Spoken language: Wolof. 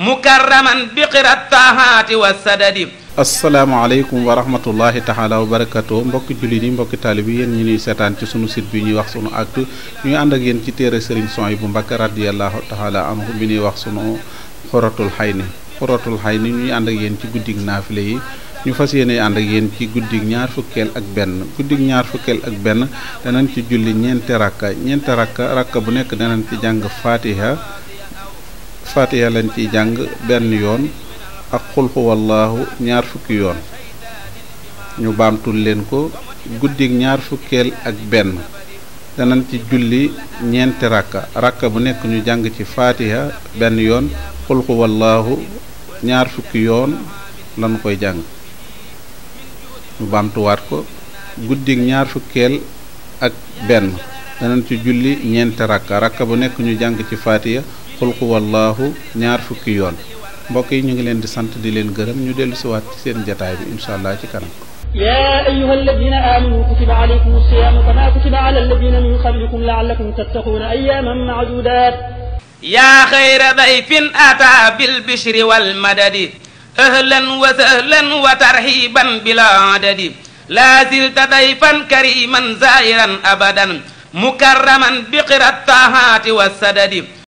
mukarraman bi qirat taahaati wa sadadi asalaamaaleykum wa rahmatullahi taala wa barakatu mbokki jullit yi mbokki taalib yi yéen ñi ñuy seetaan ci sunu site bi ñuy wax sunu actu ñuy ànd ak yéen ci téere sëriñ son yi bu mbakk radiallahu taala anhu bi ñuy wax sunu xoratul xay ni xoratul xay ni ñuy ànd ak ci guddig naafile yi ñu fas yéene ànd ak yéen ci guddig ñaar fukkeel ak benn guddig ñaar fukkeel ak benn danañ ci julli ñeenti rakka ñeenti rakka rakka bu nekk danañ ci jàng fatiha fatiha lañ ciy jàng benn yoon ak xulxu wallaahu ñaar fukki yoon ñu baamtul leen ko guddig ñaar fukkeel ak benn danañ ci julli ñeenti rakka rakka bu nekk ñu jàng ci fatiha benn yoon xulxu wallaahu ñaar fukki yoon lañ koy jàng ñu baamtuwaat ko guddig ñaar fukkeel ak benn danañ ci julli ñeenti rakka rakka bu nekk ñu jàng ci fatiha xul huwallaahu ñaar fukki yoon mbokk yi ñu ngi leen di sant di leen gërëm ñu dellu si waat ci seen jataay bi incha allah ci kanam ya ayyuha alladina amanu kutiba alaykum alsiyamu kama kutiba ala alladina min qablikum laallakum tattaquuna ayyaman maadudat ya xayra dayfin ata bilbishri walmadadi ahlan wa sahlan wa tarhiban bila adadi laa zilta dayfan kariman zairan abadan mukarraman biqirat tahaati wa sadadi